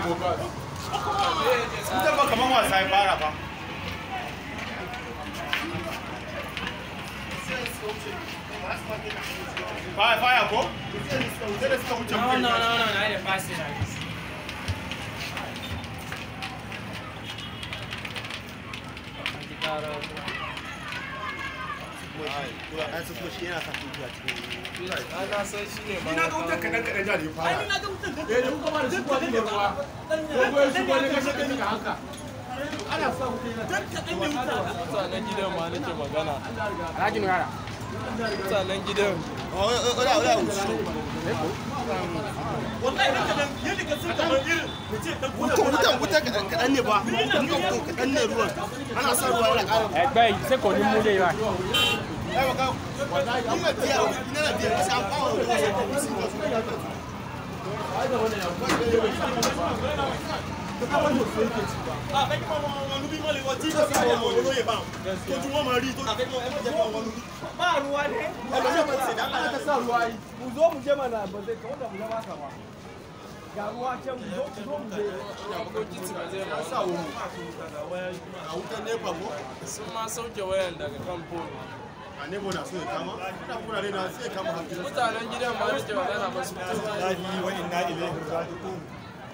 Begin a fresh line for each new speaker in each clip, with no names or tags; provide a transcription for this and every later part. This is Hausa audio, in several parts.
kallo ko ba mutan ba kaman wasa ya fara ba Fire, fire, go. No, no, no, no, no, I didn't pass it. Like kuma shi yana sa kuka cikin na san shi ne ma na ga wutar kadan kadan da fara ai na ga wutar kadan kuma da shi kwani ne ruwa ko ya shi kashe kan ka haka ana sa wutar kadan kadan ne wutar na gidan ma nake magana gina yara mutanen gidan ola ola wuce
wutan wutan
kaɗan ne ba kaɗan ne káwájú òfin èké ti wà. àfẹ́kí wọn wọn lu bí wọ́n lè wọ tí kò sí àwọn olóyè bá wọn tójú wọn máa rí tó àfẹ́kí wọn ẹgbẹ́ jẹ́ wọn lu bí. máa ru wa dé. ẹgbẹ́ jẹ́ wọn ti dáná yàrá. ẹgbẹ́ sàrù wa yìí. muzo mu jẹ́ mana bọ̀dé kí wọ́n dà muzo wa kà wá. garuwa jẹ́ muzo muzo mu jẹ́. sun ma sauke wayan daga kan pole. a nebo na so ya kama ina kuna ne na sai kama hankali mutanen gidan ma yake magana ba su fito lahi wa inna ilaihi raji'un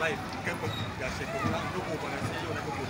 live. Bukan pun dah ya, saya kurang, pada saya,